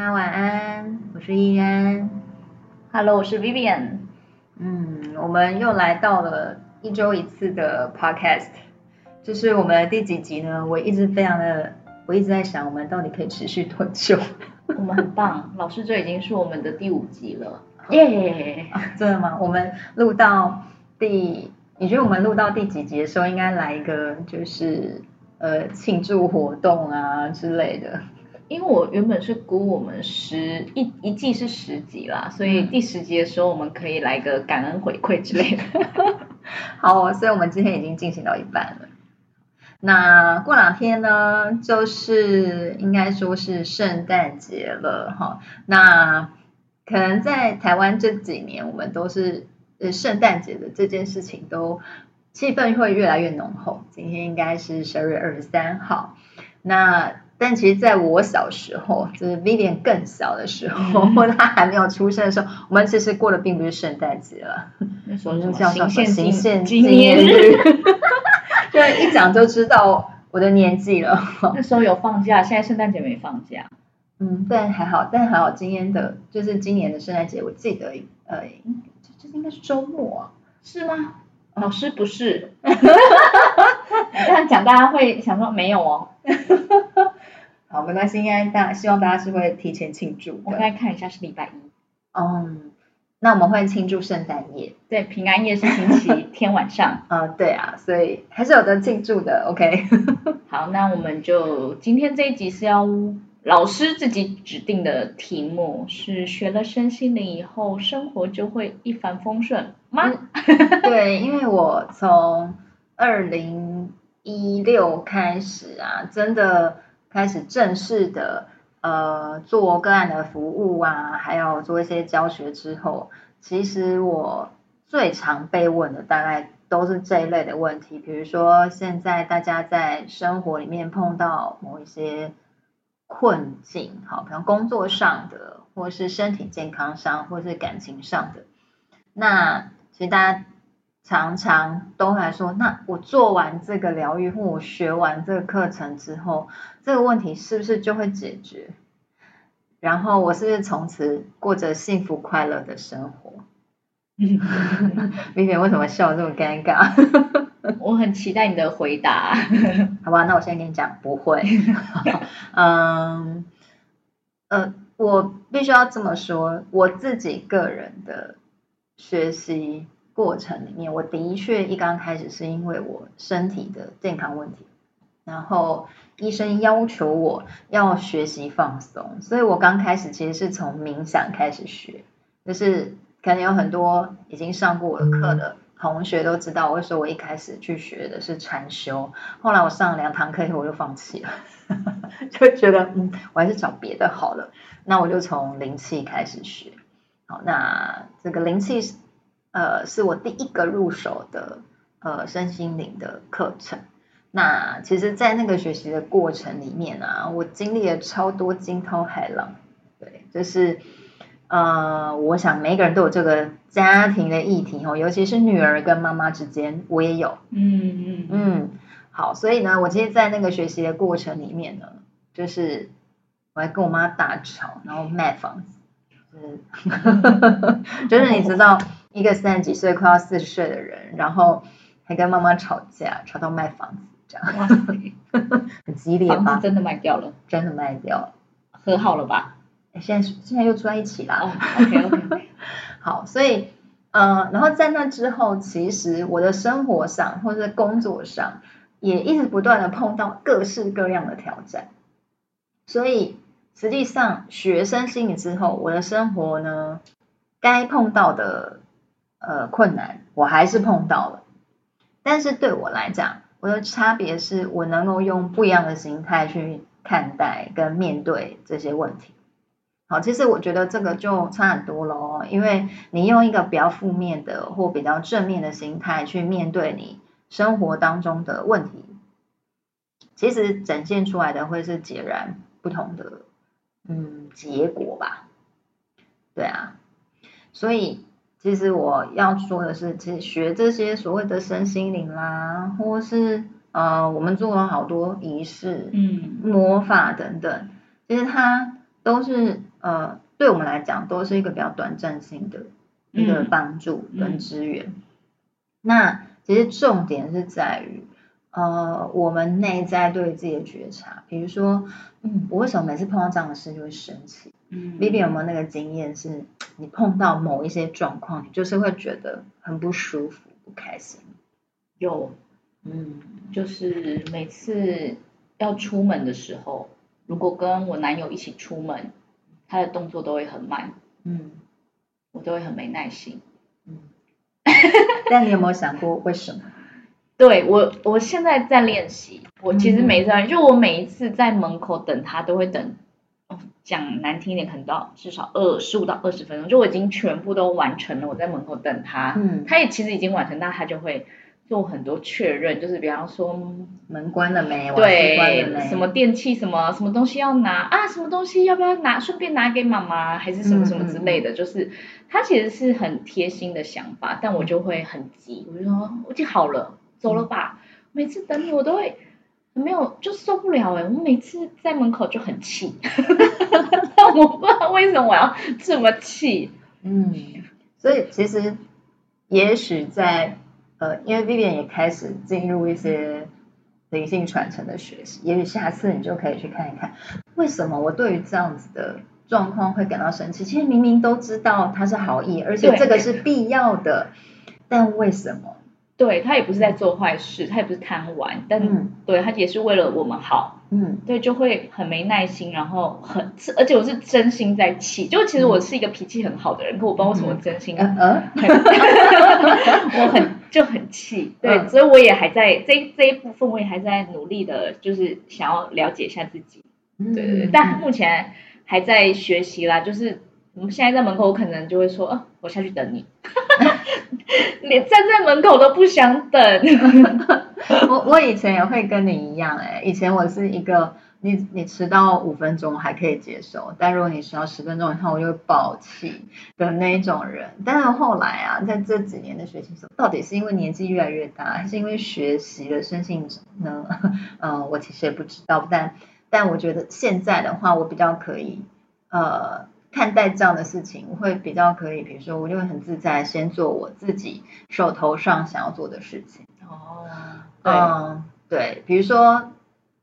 大家晚安，我是依安。Hello，我是 Vivian。嗯，我們又來到了一周一次的 podcast，就是我們的第幾集呢？我一直非常的，我一直在想，我們到底可以持續多久？ 我們很棒，老師這已經是我們的第五集了。耶 Yeah. Okay.、啊！真的嗎？我們錄到第，你覺得我們錄到第幾集的時候應該來一個就是呃慶祝活動啊之類的？因為我原本是估我們十一一季是十集啦，所以第十集的時候我們可以來個感恩回饋之類的。 好，所以我們今天已經進行到一半了。那過兩天呢，就是應該說是聖誕節了哈。那可能在台灣這幾年，我們都是呃聖誕節的這件事情都氣氛會越來越濃厚。今天應該是十二月二十三號，那。但其實，在我小時候，就是 Vivian 更小的時候，他、嗯、還沒有出生的時候，我們其實過的並不是聖誕節了。那時候就叫什麼？行憲紀念日。對年， 一講就知道我的年紀了。那時候有放假，現在聖誕節沒放假。嗯，但還好，但還好，今年的，就是今年的聖誕節，我記得，呃，這應該是周末、啊，是嗎？老、哦、師不是。這樣 講，大家會想說沒有哦。 好，沒關係，應該大，希望大家是會提前慶祝。我們來看一下，是禮拜一。嗯，um, 那我們會慶祝聖誕夜。對，平安夜是星期 天晚上。嗯，uh, 對啊，所以還是有的慶祝的，OK。 好，那我們就今天這一集是要老師自己指定的題目，是學了身心靈以後，生活就會一帆風順嗎？ 嗯、對，因為我從二零一六開始啊，真的。開始正式的呃做個案的服務啊，還有做一些教學之後，其實我最常被問的大概都是這一類的問題，比如說現在大家在生活裡面碰到某一些困境，好，哦，比如工作上的，或是身體健康上，或是感情上的，那其實大家。常常都來說，那我做完這個療癒，或我學完這個課程之後，這個問題是不是就會解決？然後我是不是從此過着幸福快樂的生活？米米 為什麼笑得這麼尷尬？ 我很期待你的回答。 好吧，那我先跟你講，不會。嗯 好， um, 呃，我必須要這麼說，我自己個人的學習。過程裡面，我的確一剛開始是因為我身體的健康問題，然後醫生要求我要學習放鬆，所以我剛開始其實是從冥想開始學，就是可能有很多已經上過我的課的同學都知道，我說我一開始去學的是禪修，後來我上了兩堂課以後我就放棄了， 就覺得嗯，我還是找別的好了，那我就從靈氣開始學，好，那這個靈氣。呃，是我第一個入手的呃身心靈的課程。那其實，在那個學習的過程裡面啊，我經歷了超多驚濤駭浪。對，就是呃，我想每個人都有這個家庭的議題哦，尤其是女兒跟媽媽之間，我也有。嗯嗯嗯，嗯嗯好，所以呢，我今天在那個學習的過程裡面呢，就是我還跟我媽大吵，然後賣房子，嗯、 就是你知道。嗯一個三十幾歲快要四十歲的人，然後還跟媽媽吵架，吵到賣房子這樣，哇塞 很激烈嗎？真的賣掉了，真的賣掉了，和好了吧？現在現在又住在一起了。Oh, OK OK。 好，所以呃，然後在那之後，其實我的生活上或者是工作上，也一直不斷的碰到各式各樣的挑戰。所以實際上學身心靈之後，我的生活呢，該碰到的。呃，困難我還是碰到了，但是對我來講，我的差別是我能夠用不一樣的心態去看待跟面對這些問題。好，其實我覺得這個就差很多嘍，因為你用一個比較負面的或比較正面的心態去面對你生活當中的問題，其實展現出來的會是截然不同的，嗯，結果吧。對啊，所以。其實我要說的是，其實學這些所謂的身心靈啦、啊，或是呃，我們做了好多儀式、嗯，魔法等等，其實它都是呃，對我們來講都是一個比較短暫性的一個幫助跟支援。嗯嗯、那其實重點是在於。呃，uh, 我們內在對自己的覺察，比如說，嗯，我為什麼每次碰到這樣的事就會生氣？嗯，Vivi 有沒有那個經驗是？是你碰到某一些狀況，你就是會覺得很不舒服、不開心？有，Yo, 嗯，就是每次要出門的時候，如果跟我男友一起出門，他的動作都會很慢，嗯，我都會很沒耐心，嗯， 但你有沒有想過為什麼？對我，我現在在練習。我其實沒在，嗯、就我每一次在門口等他，都會等，講難聽一點，可能到至少二十五到二十分鐘。就我已經全部都完成了，我在門口等他。嗯、他也其實已經完成，但他就會做很多確認，就是比方說門關了沒，對，什麼電器，什麼什麼東西要拿啊，什麼東西要不要拿，順便拿給媽媽，還是什麼什麼之類的。嗯嗯，就是他其實是很貼心的想法，但我就會很急，嗯、我就說我已經好了。走了吧，嗯、每次等你我都會沒有就受不了哎、欸，我每次在門口就很氣， 但我不知道為什麼我要這麼氣。嗯，嗯，所以其實也許在、嗯、呃，因為 Vivian 也開始進入一些靈性傳承的學習，也許下次你就可以去看一看，為什麼我對於這樣子的狀況會感到生氣？其實明明都知道他是好意，而且這個是必要的，對但為什麼？對，他也不是在做壞事，嗯、他也不是貪玩，但、嗯、對，他也是為了我們好。嗯，對，就會很沒耐心，然後很，而且我是真心在氣。就其實我是一個脾氣很好的人，可我不知道為什麼真心，嗯嗯，我很就很氣，對，嗯、所以我也還在這這一部分，我也還在努力的，就是想要了解一下自己。嗯，嗯，嗯，對對，但目前還在學習啦，就是。我們現在在門口，我可能就會說，哦、我下去等你。連 站在門口都不想等。 我我以前也會跟你一樣、欸，以前我是一個你你遲到五分鐘還可以接受，但如果你遲到十分鐘以後，我就會爆氣的那一種人。但是後來啊，在這幾年的學習中，到底是因為年紀越來越大，還是因為學習的身心靈呢？嗯、呃，我其實也不知道，但但我覺得現在的話，我比較可以，呃。看待這樣的事情，我會比較可以，比如說，我就會很自在，先做我自己手頭上想要做的事情。哦，對，嗯，對，比如說，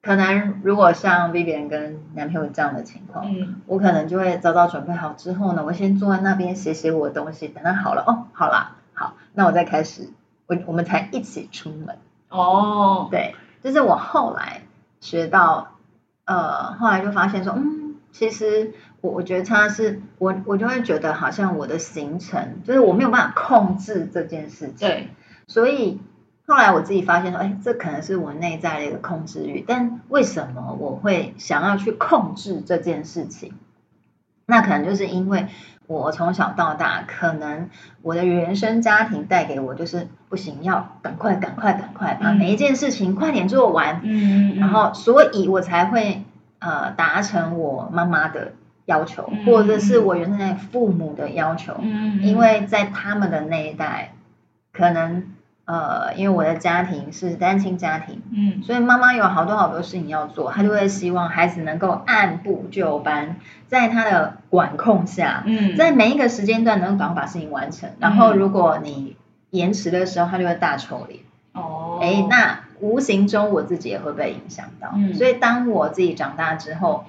可能如果像 Vivian 跟男朋友這樣的情況，嗯，我可能就會早早準備好之後呢，我先坐在那邊寫寫我的東西，等他好了，哦，好了，好，那我再開始，我我們才一起出門。哦，對，就是我後來學到，呃，後來就發現說，嗯，其實。我我覺得他是我，我就會覺得好像我的行程就是我沒有辦法控制這件事情。對。所以後來我自己發現說，哎，這可能是我內在的一個控制欲。但為什麼我會想要去控制這件事情？那可能就是因為我從小到大，可能我的原生家庭帶給我就是不行，要趕快、趕快、趕快把、嗯、每一件事情快點做完。嗯嗯。然後，所以我才會呃達成我媽媽的。要求，或者是我原生父母的要求，嗯，因為在他們的那一代，可能呃，因為我的家庭是單親家庭，嗯，所以媽媽有好多好多事情要做，她就會希望孩子能夠按部就班，在她的管控下，嗯，在每一個時間段能夠趕快把事情完成。然後如果你延遲的時候，她就會大抽離哦。誒，那無形中我自己也會被影響到。嗯，所以當我自己長大之後，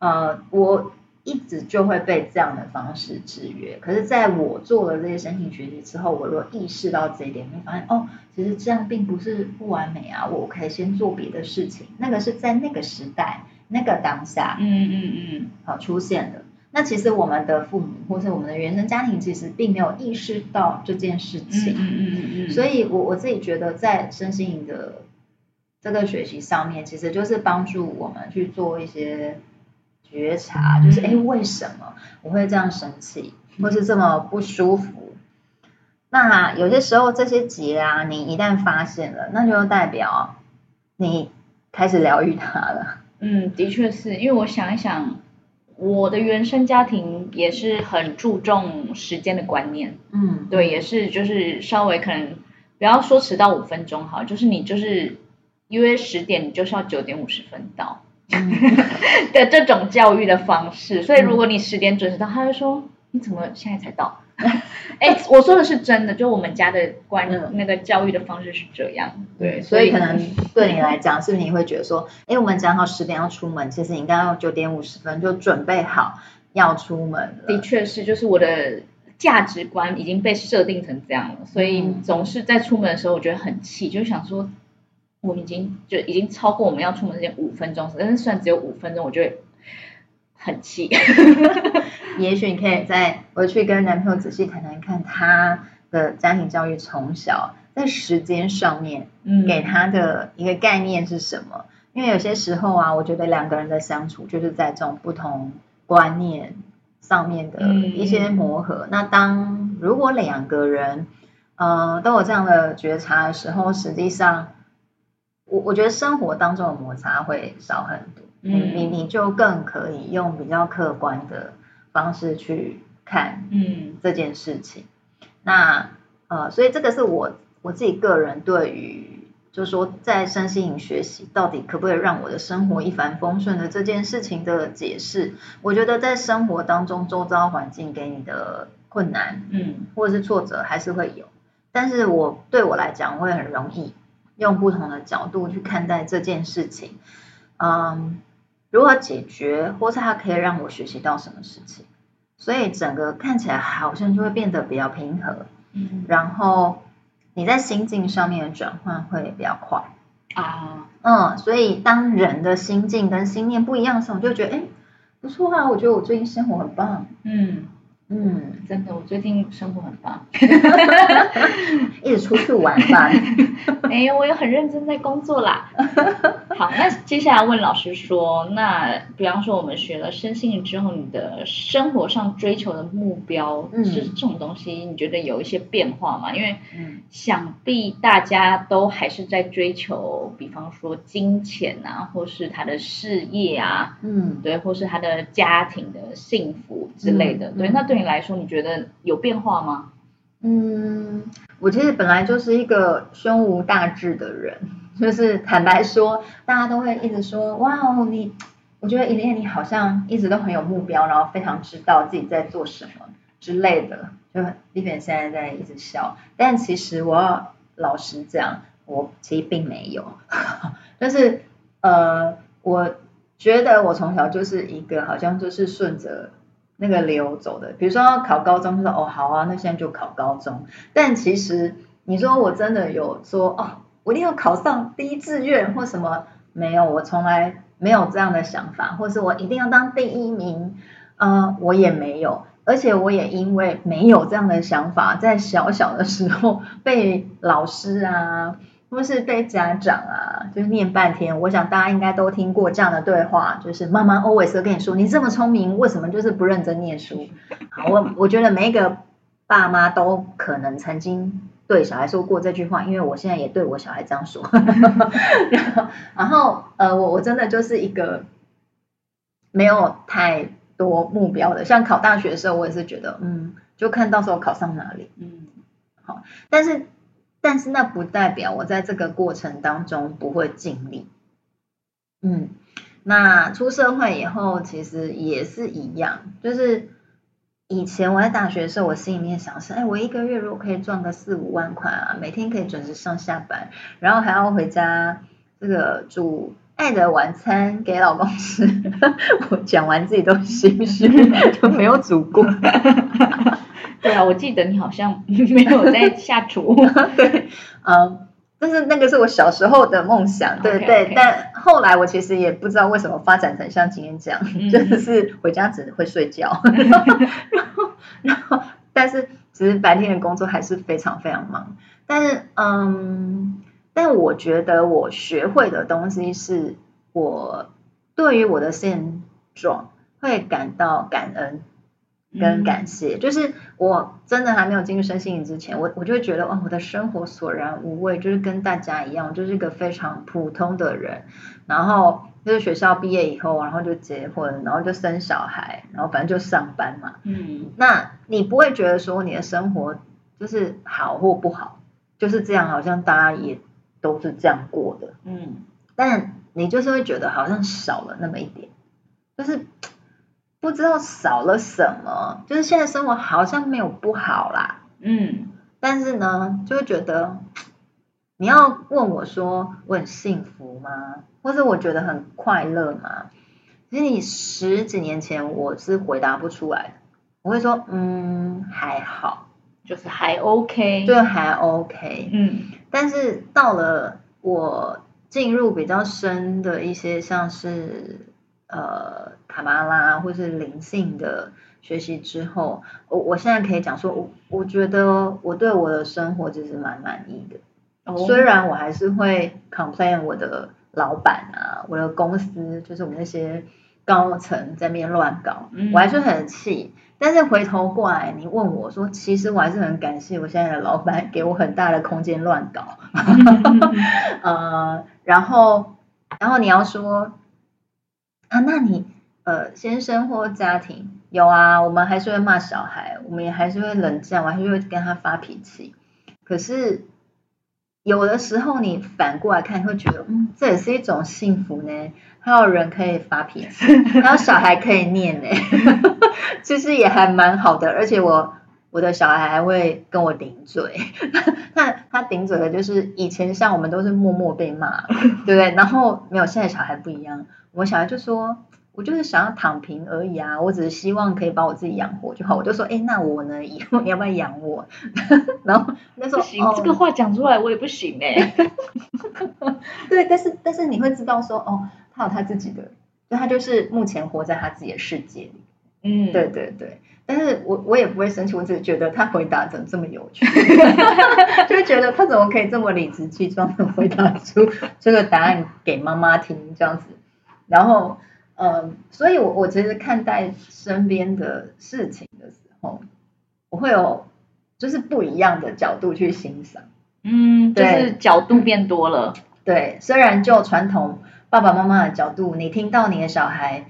呃，我。一直就會被這樣的方式制約，可是在我做了這些身心學習之後，我如果意識到這一點，會發現哦，其實這樣並不是不完美啊，我可以先做別的事情。那個是在那個時代、那個當下，嗯嗯嗯，好出現的。那其實我們的父母或是我們的原生家庭其實並沒有意識到這件事情，嗯嗯嗯，所以我我自己覺得在身心的這個學習上面，其實就是幫助我們去做一些。覺察就是誒，為什麼我會這樣生氣，或是這麼不舒服？那、啊、有些時候這些結啊，你一旦發現了，那就代表你開始療癒它了。嗯，的確是，因為我想一想，我的原生家庭也是很注重時間的觀念。嗯，對，也是就是稍微可能不要說遲到五分鐘好，就是你就是約十點，你就是要九點五十分到。的、嗯、 這種教育的方式，所以如果你十點準時到，嗯、他會說，你怎麼現在才到？哎、 欸，我說的是真的，就我們家的觀念，嗯、那個教育的方式是這樣。對，所以，所以可能對你來講，嗯、是不是你會覺得說，哎、欸，我們講好十點要出門，其實你應該要九點五十分就準備好要出門。的確是，就是我的價值觀已經被設定成這樣了，所以總是在出門的時候，我覺得很氣，就想說。我已經就已經超過我們要出門時間五分鐘，但是雖然只有五分鐘，我就會很氣。 也許你可以再回去跟男朋友仔細談談看，他的家庭教育從小在時間上面給他的一個概念是什麼？嗯、因為有些時候啊，我覺得兩個人的相處就是在這種不同觀念上面的一些磨合。嗯、那當如果兩個人呃都有這樣的覺察的時候，實際上。我我覺得生活當中的摩擦會少很多，嗯、你你就更可以用比較客觀的方式去看嗯這件事情。嗯、那呃，所以這個是我我自己個人對於，就是說在身心靈學習到底可不可以讓我的生活一帆風順的這件事情的解釋，我覺得在生活當中周遭環境給你的困難，嗯，或者是挫折還是會有，但是我對我來講會很容易。用不同的角度去看待這件事情，嗯，如何解決，或是它可以讓我學習到什麼事情，所以整個看起來好像就會變得比較平和，嗯，然後你在心境上面的轉換會比較快啊，嗯，所以當人的心境跟心念不一樣的時候，我就覺得，哎，不錯啊，我覺得我最近生活很棒，嗯嗯，嗯真的，我最近生活很棒。 一直出去玩吧，沒有、 哎，我也很認真在工作啦。好，那接下來問老師說，那比方說我們學了身心靈之後，你的生活上追求的目標，嗯、是這種東西，你覺得有一些變化嗎？因為想必大家都還是在追求，比方說金錢啊，或是他的事業啊，嗯，對，或是他的家庭的幸福之類的，嗯嗯、對，那對你來說，你覺得有變化嗎？嗯，我其實本來就是一個胸無大志的人，就是坦白說，大家都會一直說，哇，哦，你，我覺得伊蓮你好像一直都很有目標，然後非常知道自己在做什麼之類的。就你可能現在在一直笑，但其實我要老實講，我其實並沒有。 就是呃，我覺得我從小就是一個好像就是順着。那個流走的，比如說要考高中，他說哦好啊，那現在就考高中。但其實你說我真的有說哦，我一定要考上第一志願或什麼？沒有，我從來沒有這樣的想法，或是我一定要當第一名嗯、呃，我也沒有。而且我也因為沒有這樣的想法，在小小的時候被老師啊。不是被家長啊，就是念半天，我想大家應該都聽過這樣的對話，就是媽媽 always 跟你說：“你這麼聰明，為什麼就是不認真唸書？”好，我我覺得每一個爸媽都可能曾經對小孩說過這句話，因為我現在也對我小孩這樣說。呵呵然後，然後呃，我我真的就是一個沒有太多目標的，像考大學的時候，我也是覺得，嗯，就看到時候考上哪裡，嗯，好，但是。但是那不代表我在這個過程當中不會盡力。嗯，那出社會以後其實也是一樣，就是以前我在大學的時候，我心裡面想是：哎，我一個月如果可以賺個四五萬塊啊，每天可以準時上下班，然後還要回家這個煮愛的晚餐給老公吃。 我講完自己都心虛， 就沒有煮過。 對啊，我記得你好像沒有在下廚。 對，嗯，但是那個是我小時候的夢想。對對，okay, okay 但後來我其實也不知道為什麼發展成像今天這樣，嗯、就是回家只會睡覺然後然後。然後，但是其實白天的工作還是非常非常忙。但是，嗯，但我覺得我學會的東西，是我對於我的現狀會感到感恩。跟感謝，嗯，就是我真的還沒有進入身心靈之前，我我就會覺得，哦，我的生活索然無味，就是跟大家一樣，就是一個非常普通的人。然後就是學校畢業以後，然後就結婚，然後就生小孩，然後反正就上班嘛。嗯。那你不會覺得說你的生活就是好或不好？就是這樣，好像大家也都是這樣過的。嗯。但你就是會覺得好像少了那麼一點，就是。不知道少了什麼，就是現在生活好像沒有不好啦。嗯，但是呢，就會覺得你要問我說我很幸福嗎？或是我覺得很快樂嗎？其實你十幾年前我是回答不出來的，我會說嗯，還好，就是還 OK，就還 OK。嗯，但是到了我進入比較深的一些，像是呃。卡巴拉或是靈性的學習之後，我我現在可以講說，我我覺得我對我的生活就是蠻滿意的。Oh. 雖然我還是會 complain 我的老闆啊，我的公司就是我們那些高層在那邊亂搞，mm hmm. 我還是很氣。但是回頭過來，你問我說，其實我還是很感謝我現在的老闆給我很大的空間亂搞。Mm hmm. 呃，然後，然後你要說啊，那你。呃，先生或家庭有啊，我們還是會罵小孩，我們也還是會冷戰，我還是會跟他發脾氣。可是有的時候你反過來看，會覺得嗯，這也是一種幸福呢。還有人可以發脾氣，還有小孩可以念呢，其實也還蠻好的。而且我我的小孩還會跟我頂嘴，他他頂嘴的就是以前像我們都是默默被罵，對不對？然後沒有，現在的小孩不一樣，我小孩就說。我就是想要躺平而已啊！我只是希望可以把我自己養活就好。我就說，欸，那我呢？以後你要不要養我？ 然後那時候，不行，這個話講出來，我也不行欸。 對，但是但是你會知道說，哦，他有他自己的，他就是目前活在他自己的世界裡。嗯，對對對。但是我我也不會生氣，我只是覺得他回答怎麼這麼有趣， 就覺得他怎麼可以這麼理直氣壯的回答出這個答案給媽媽聽這樣子，然後。嗯，所以我，我我其實看待身邊的事情的時候，我會有就是不一樣的角度去欣賞，嗯，對就是角度變多了。對，雖然就傳統爸爸媽媽的角度，你聽到你的小孩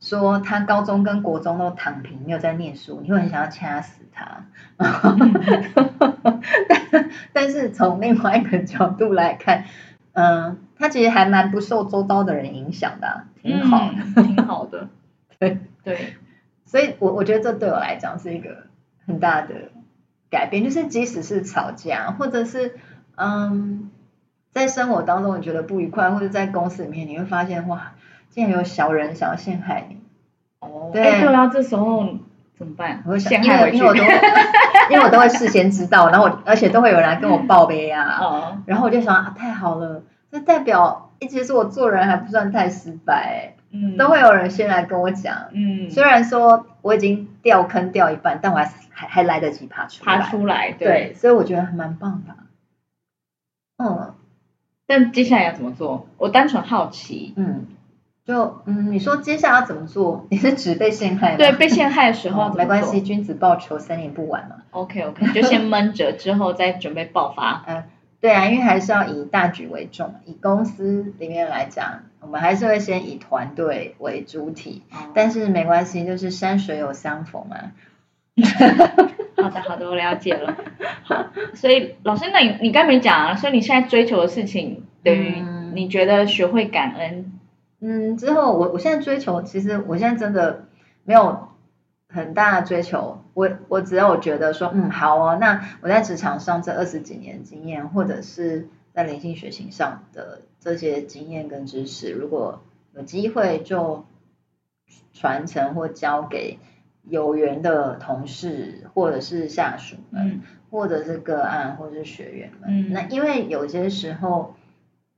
說他高中跟國中都躺平，沒有在念書，你會很想要掐死他。嗯、 但是從另外一個角度來看。嗯，他其實還蠻不受周遭的人影響的，啊，挺好的，嗯、 挺好的，對對，所以，我我覺得這對我來講是一個很大的改變，就是即使是吵架，或者是嗯，在生活當中你覺得不愉快，或者在公司裡面，你會發現哇，竟然有小人想要陷害你，對哦，哎，對啊，這時候。怎麼辦？我會陷害回去，因為我都會， 因為我都會事先知道，然後我而且都會有人來跟我報備啊。嗯、然後我就想啊，太好了，這代表一直是我做人還不算太失敗，嗯，都會有人先來跟我講，嗯，雖然說我已經掉坑掉一半，但我還還，還來得及爬出來，爬出來，對，對，所以我覺得還蠻棒的，嗯、哦。但接下來要怎麼做？我單純好奇，嗯。就嗯，你說接下來要怎麼做？你是指被陷害嗎？對，被陷害的時候、哦、沒關係，君子報仇三年不晚嘛。OK OK，就先悶着，之後再準備爆發。 嗯，對啊，因為還是要以大局為重，以公司裡面來講，我們還是會先以團隊為主體，但是沒關係，就是山水有相逢嘛。 好的好的，我了解了。好，所以老師，那你你剛沒講啊？所以你現在追求的事情，等於你覺得學會感恩。嗯嗯，之後我我現在追求，其實我現在真的沒有很大的追求。我我只要我覺得說，嗯，好哦，那我在職場上這二十幾年經驗，或者是在靈性學習上的這些經驗跟知識，如果有機會就傳承或交給有緣的同事，或者是下屬們，或者是個案，或者是學員們。嗯、那因為有些時候。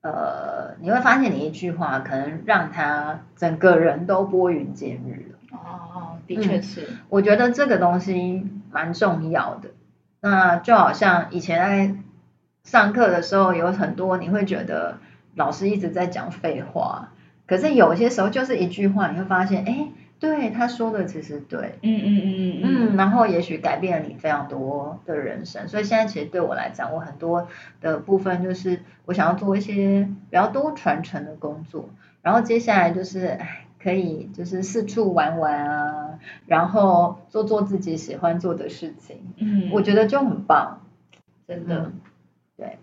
呃，你會發現你一句話可能讓他整個人都撥雲見日了。哦，的確是。嗯，我覺得這個東西蠻重要的。那就好像以前在上課的時候，有很多你會覺得老師一直在講廢話，可是有些時候就是一句話，你會發現哎。誒對他說的其實對，嗯嗯嗯嗯，然後也許改變了你非常多的人生，所以現在其實對我來講，我很多的部分就是我想要做一些比較多傳承的工作，然後接下來就是可以就是四處玩玩啊，然後做做自己喜歡做的事情，嗯，我覺得就很棒，真的，嗯、對，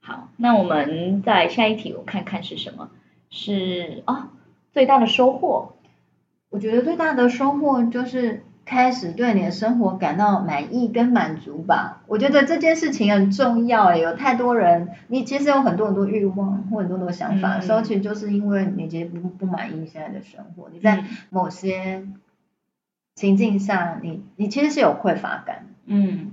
好，那我們在下一題，我看看是什麼，是啊、哦，最大的收穫。我覺得最大的收穫就是開始對你的生活感到滿意跟滿足吧。我覺得這件事情很重要、欸、有太多人，你其實有很多很多欲望或很多很多想法，首先、嗯、就是因為你其實不不滿意現在的生活，嗯、你在某些情境下，你你其實是有匱乏感。嗯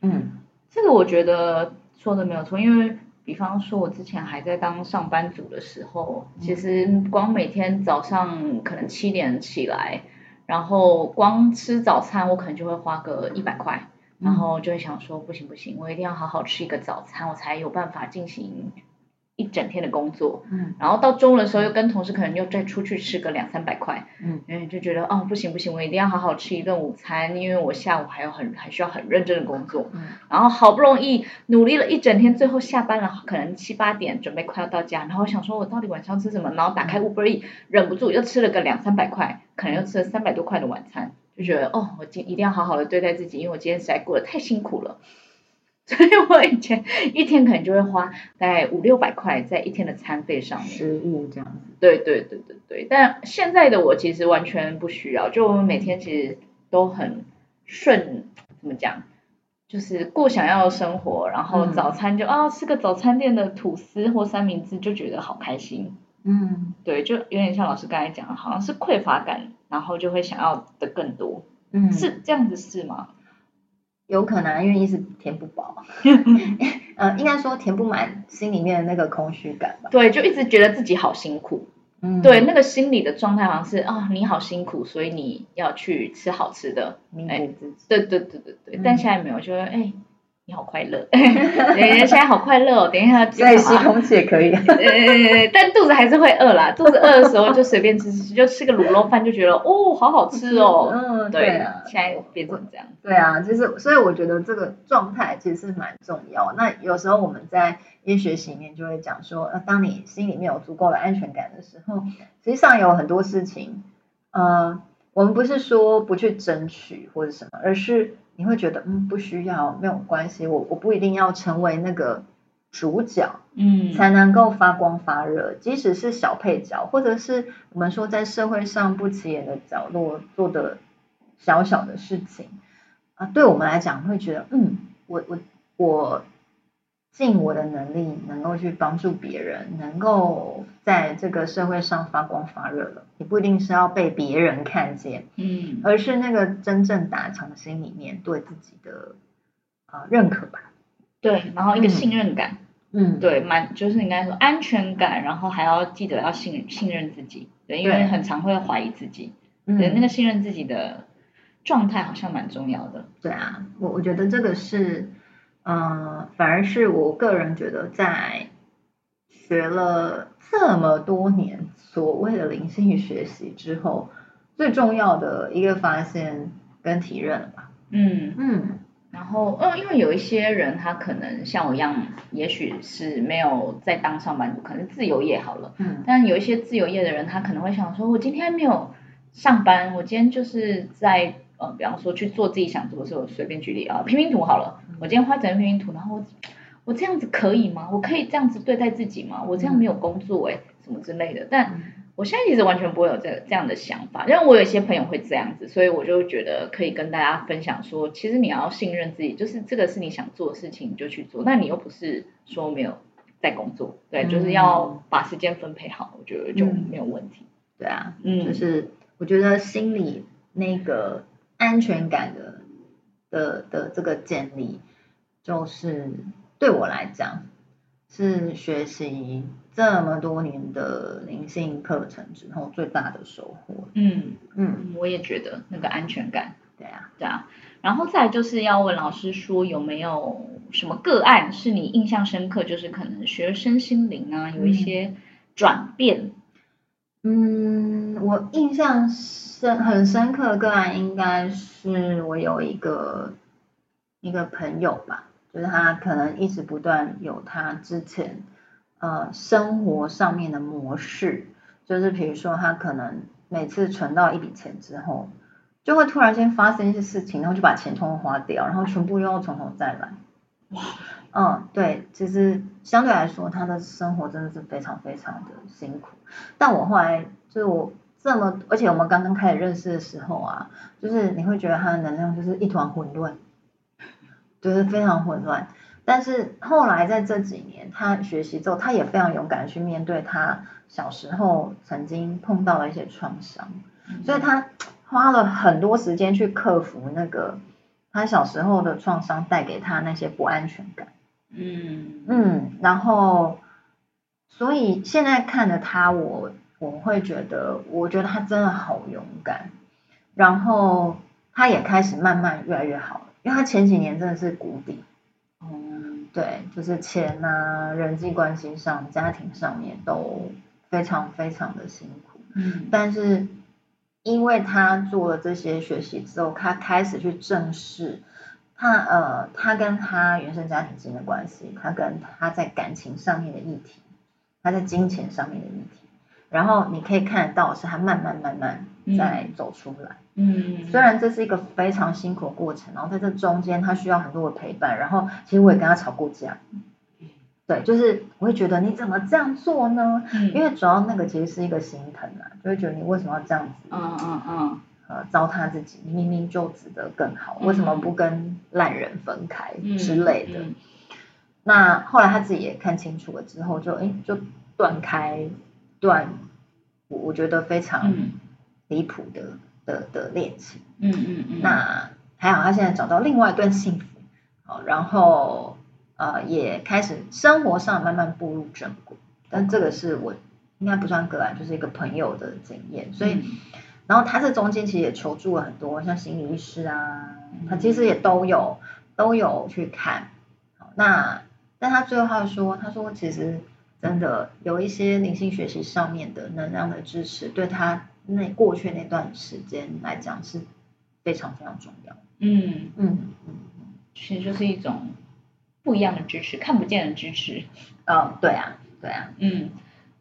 嗯，這個我覺得說的沒有錯，因為。比方說，我之前還在當上班族的時候，其實光每天早上可能七點起來，然後光吃早餐，我可能就會花個一百塊，然後就會想說，不行不行，我一定要好好吃一個早餐，我才有辦法進行，一整天的工作，嗯，然後到中午的時候又跟同事可能又再出去吃個兩三百塊，嗯，就覺得哦不行不行，我一定要好好吃一頓午餐，因為我下午還有很還需要很認真的工作，嗯，然後好不容易努力了一整天，最後下班了可能七八點準備快要到家，然後想說，我到底晚上吃什麼？然後打開 Uber、嗯、E，忍不住又吃了個兩三百塊，可能又吃了三百多塊的晚餐，就覺得哦，我今一定要好好的對待自己，因為我今天實在過得太辛苦了。所以 我以前一天可能就會花大概五六百塊在一天的餐費上面，食物這樣子。對對對對對，但現在的我其實完全不需要，就我們每天其實都很順，怎麼講？就是過想要的生活，然後早餐就、嗯、啊吃個早餐店的吐司或三明治就覺得好開心。嗯，對，就有點像老師剛才講的，好像是匱乏感，然後就會想要的更多。嗯，是這樣子是嗎？有可能，因為一直填不飽、 呃，應該說填不滿心裡面的那個空虛感吧。對，就一直覺得自己好辛苦。嗯、對，那個心理的狀態好像是啊、哦，你好辛苦，所以你要去吃好吃的。欸、對對對對對，嗯、但現在沒有，覺得，哎、欸。你好快樂，人 現在好快樂哦。等一下再吸、啊、空氣也可以， 但肚子還是會餓啦。肚子餓的時候就隨便吃吃，就吃個滷肉飯就覺得對哦，好好吃哦。嗯，對現在變成這樣。對啊，就是、啊、所以我覺得這個狀態其實是蠻重要。那有時候我們在心學習裡面就會講說，呃，當你心裡面有足夠的安全感的時候，實際上有很多事情，嗯、呃，我們不是說不去爭取或者什麼，而是。你會覺得，嗯，不需要，沒有關係，我我不一定要成為那個主角，嗯，才能夠發光發熱。即使是小配角，或者是我們說在社會上不起眼的角落做的小小的事情，啊，對我們來講會覺得，嗯，我我我。盡我的能力，能夠去幫助別人，能夠在這個社會上發光發熱了，也不一定是要被別人看見，嗯，而是那個真正打從心裡面對自己的、呃、認可吧，對，然後一個信任感，嗯，對，蠻就是你剛才說安全感，然後還要記得要信信任自己，對，因為很常會懷疑自己，對、嗯，那個信任自己的狀態好像蠻重要的，對啊，我我覺得這個是。嗯、呃，反而是我個人覺得，在學了這麼多年所謂的靈性學習之後，最重要的一個發現跟體認了吧。嗯嗯，然後呃，因為有一些人他可能像我一樣，也許是沒有在當上班族，可能自由業好了。嗯。但有一些自由業的人，他可能會想說，我今天沒有上班，我今天就是在。呃、比方說去做自己想做的時候，隨便舉例啊，拼拼圖好了。嗯、我今天畫整拼拼圖，然後我我這樣子可以嗎？我可以這樣子對待自己嗎？我這樣沒有工作哎、欸，嗯、什麼之類的。但我現在其實完全不會有這這樣的想法，因為我有一些朋友會這樣子，所以我就覺得可以跟大家分享說，其實你要信任自己，就是這個是你想做的事情，你就去做。那你又不是說沒有在工作，對，嗯、就是要把時間分配好，我覺得就沒有問題。嗯、對啊，嗯，就是我覺得心裡那個。安全感的的的這個建立，就是對我來講是學習這麼多年的靈性課程之後最大的收穫。嗯嗯，嗯，我也覺得那個安全感。對啊對啊，然後再就是要問老師說有沒有什麼個案是你印象深刻，就是可能學身心靈啊，嗯、有一些轉變。嗯，我印象深很深刻的個案應該是我有一個一個朋友吧，就是他可能一直不斷有他之前呃生活上面的模式，就是比如說他可能每次存到一筆錢之後，就會突然間發生一些事情，然後就把錢通通花掉，然後全部又要從頭再來。嗯，對，其實相對來說，他的生活真的是非常非常的辛苦。但我後來就是我這麼，而且我們剛剛開始認識的時候啊，就是你會覺得他的能量就是一團混亂，就是非常混亂。但是後來在這幾年他學習之後，他也非常勇敢去面對他小時候曾經碰到的一些創傷，所以他花了很多時間去克服那個他小時候的創傷帶給他那些不安全感。嗯嗯，然後，所以現在看着他，我我會覺得，我覺得他真的好勇敢。然後他也開始慢慢越來越好，因為他前幾年真的是谷底。嗯，對，就是錢啊，人際關係上、家庭上面都非常非常的辛苦。嗯，但是因為他做了這些學習之後，他開始去正視。他呃，他跟他原生家庭之間的關係，他跟他在感情上面的議題，他在金錢上面的議題，然後你可以看得到是他慢慢慢慢在走出來，嗯，嗯，雖然這是一個非常辛苦的過程，然後在這中間他需要很多的陪伴，然後其實我也跟他吵過架，嗯、對，就是我會覺得你怎麼這樣做呢？嗯、因為主要那個其實是一個心疼啊，就會覺得你為什麼要這樣子？嗯嗯嗯。嗯嗯呃，糟蹋自己，明明就值得更好，為什麼不跟爛人分開之類的？嗯嗯嗯、那後來他自己也看清楚了之後就，欸，就哎，就斷開斷，我覺得非常離譜的、嗯、的的戀情。嗯嗯，嗯那還好，他現在找到另外一段幸福。好、哦，然後呃，也開始生活上慢慢步入正軌。但這個是我應該不算個案，就是一個朋友的經驗，所以。嗯嗯然後他這中間其實也求助了很多，像心理醫師啊，他其實也都有都有去看。那但他最後他說，他說其實真的有一些靈性學習上面的能量的支持，對他那過去那段時間來講是非常非常重要。嗯嗯嗯，嗯，其實就是一種不一樣的支持，看不見的支持。嗯，對啊，對啊。嗯，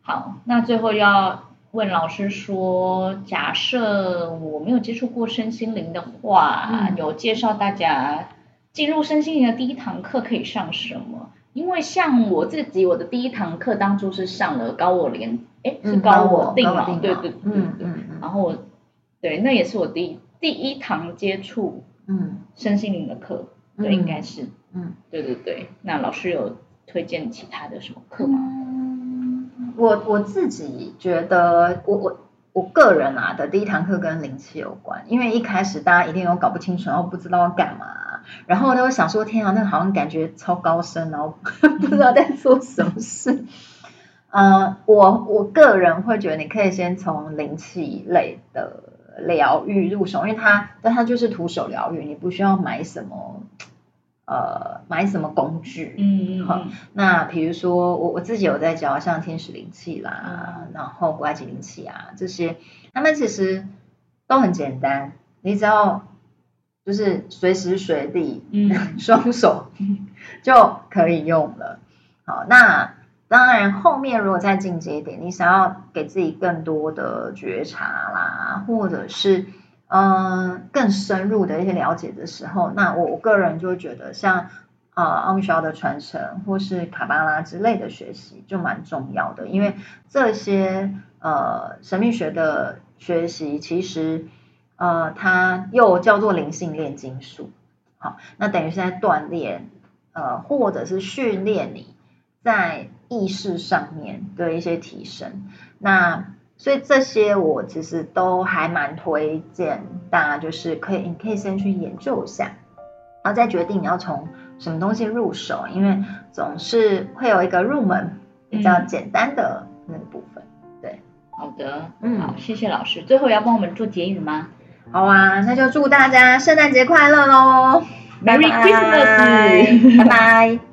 好，那最後要。問老師說，假設我沒有接觸過身心靈的話，嗯、有介紹大家進入身心靈的第一堂課可以上什麼？因為像我自己，我的第一堂課當初是上了高我連，哎，是高我定了對對，對、嗯，對、嗯嗯、然後對，那也是我第一第一堂接觸，嗯，身心靈的課，嗯、對，應該是，嗯，對對對，那老師有推薦其他的什麼課嗎？嗯我我自己覺得我，我我我個人啊的第一堂課跟靈氣有關，因為一開始大家一定有搞不清楚，然後不知道要幹嘛，然後呢，我想說天啊，那個好像感覺超高深，然後不知道在做什麼事。嗯，我我個人會覺得，你可以先從靈氣類的療癒入手，因為它，但它就是徒手療癒，你不需要買什麼。呃，買什麼工具。嗯，嗯，嗯，好。那比如說，我我自己有在教，像天使靈氣啦，嗯嗯，然後古埃及靈氣啊，這些，他們其實都很簡單，你只要就是隨時隨地，嗯嗯 雙手就可以用了。好，那當然，後面如果再進階一點，你想要給自己更多的覺察啦，或者是。嗯、呃，更深入的一些了解的時候，那我我個人就覺得像，像啊奧秘學的傳承或是卡巴拉之類的學習就蠻重要的，因為這些呃神秘學的學習，其實呃它又叫做靈性煉金術，好，那等於是在鍛鍊呃或者是訓練你在意識上面的一些提升，那。所以這些我其實都還蠻推薦大家，就是可以你可以先去研究一下，然後再決定你要從什麼東西入手，因為總是會有一個入門比較簡單的那個部分。嗯、對，好的，嗯，好謝謝老師。最後要幫我們做結語嗎？好啊，那就祝大家聖誕節快樂嘍！Merry Christmas，拜拜 bye。